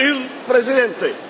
il presidente.